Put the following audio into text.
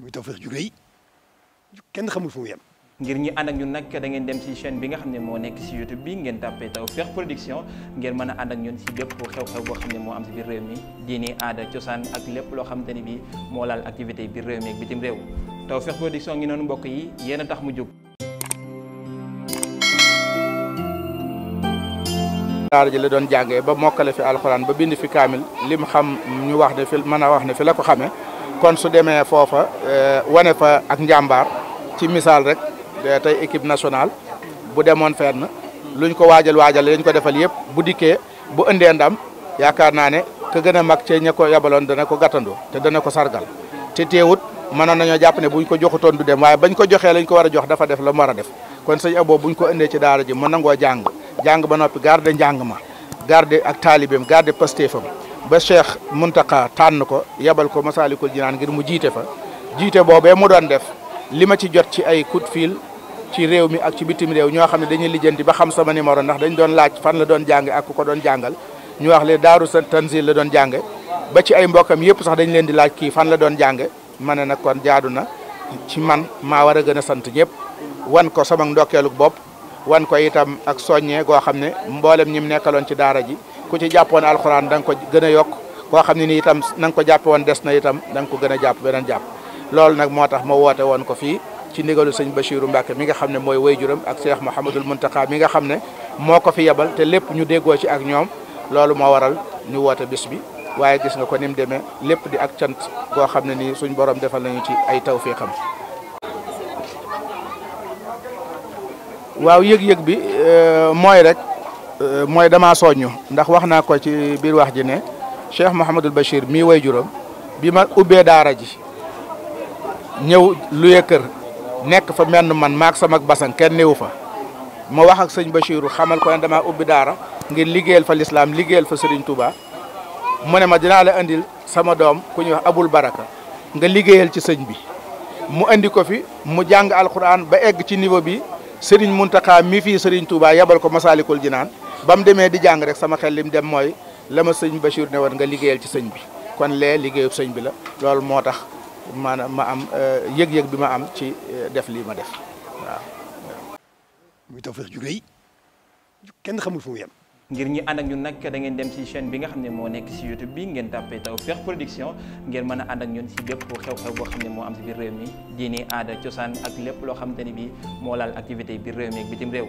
muy Tawfekh ju kenn xamul fu mu ngir ñi ànd ak ñun nag da ngeen dem ci chaîne bi nga xam ne moo nekk ci YouTube bii ngeen tàppee Tawfekh Production ngeen mën a ànd ak ñun ci bépp xew-xew boo xam ne moo am ci biir réew mi diini aada cosaan ak lépp loo xamante ni bi moo laal activité biir réew mi ak bitim réew Tawfekh Production ngi noonu mbokk yi yéen a tax mu jóg. daara ji la doon jànge ba mokkale fi alxuraan ba bind fi kaamil lim xam ñu wax ne fi wax ne fi la ko kon su demee foofa eh, wane fa ak njàmbaar ci misaal rek eh, tey équipe nationale bu demoon fenn luñ ko waajal waajal lañ ko defal yëpp bu dikkee bu indee ndam yaakaar naa ne ka gën a mag cee ña ko yabaloon dana ko gàttandoo te dana ko sargal te teewut mënoon nañoo jàpp ne buñ ko joxutoon du dem waaye bañ ko joxee lañ ko war a jox dafa def la mu a def kon sëñ Abo buñ ko indee ci daara ji mën nangoo jàng jàng ba noppi garder njàng ma garder ak taalibeem garder pastéefam ba Cheikh Mountakha tànn ko yabal ko Masaalikul Jinaan ngir mu jiite fa jiite boobee mu doon def li ma ci jot ci ay coup de ci réew mi ak ci bitim réew ñoo xam ne dañuy lijjanti ba xam sama numéro ndax dañ doon laaj fan la doon jànge ku ko doon jàngal ñu wax le daaru sa tanzil la doon jànge ba ci ay mbokkam yëpp sax dañ leen di laaj kii fan la doon jànge ma ne nag kon jaadu na ci man maa war a gën a sant ñëpp wan ko sama ndokkeelu bopp wan ko itam ak soññee goo xam ne mboolem ñi mu nekkaloon ci daara ji ku ci jàppoon alxuraan da nga ko gën a yokk koo xam ne nii itam na ko jàppe woon des na itam da ko gën a jàpp beneen jàpp loolu nag moo tax ma woote woon ko fii ci ndigalu sëñ Bachirou Mbacke mi nga xam ne mooy wayjuram ak ma Cheikh Mouhamadul Mountakha mi nga xam ne moo ko fi yebal te lépp ñu déggoo ci ak ñoom loolu moo waral ñu woote bis bi waaye gis nga ko ni mu demee lépp di ak cant goo xam ne nii suñ borom defal nañu ci ay tawféexam waaw yëg-yëg euh, Euh, mooy damaa soññu ndax wax naa ko ci biir wax ji ne Cheikh Mouhamadul Bachir mi way juróom bi ma ubbee daara ji ñëw luye kër nekk fa menn man maak sama basan kenn néewu fa ma wax ak sëñ Bachiru xamal ko dama ubbi daara ngir liggéeyal fa lislaam liggéeyal fa Serigne Touba mu ne ma dinaa la andil sama doom ku ñuy wax Abul Baraka nga liggéeyal ci sëñ bi mu andi ko fi mu jàng alquran ba egg ci niveau bi Serigne Mountakha mi fii Serigne Touba yabal ko Masalikul Jinaan ba mu demee di jàng rek sama xel lim dem mooy la ma sëñ Bachir ne woon nga liggéeyal ci sëñ bi kon lee liggéeyub sëñ bi la lool moo tax maanaam ma am euh, yëg-yëg bi ma am ci euh, def lii ma def waaw. muy Tawfekh ju rëy kenn xamul fu mu yem. ngir nag da ngeen dem ci chaîne bi xam ne moo nekk ci YouTube bi ngeen tàppee Tawfekh Production ngeen mën a ànd ak ñun ci bépp xew-xew boo xam ne moo am ci biir réew mi diini aada cosaan ak lépp loo xamante ni bi moo laal activité biir réew mi ak bitim réew.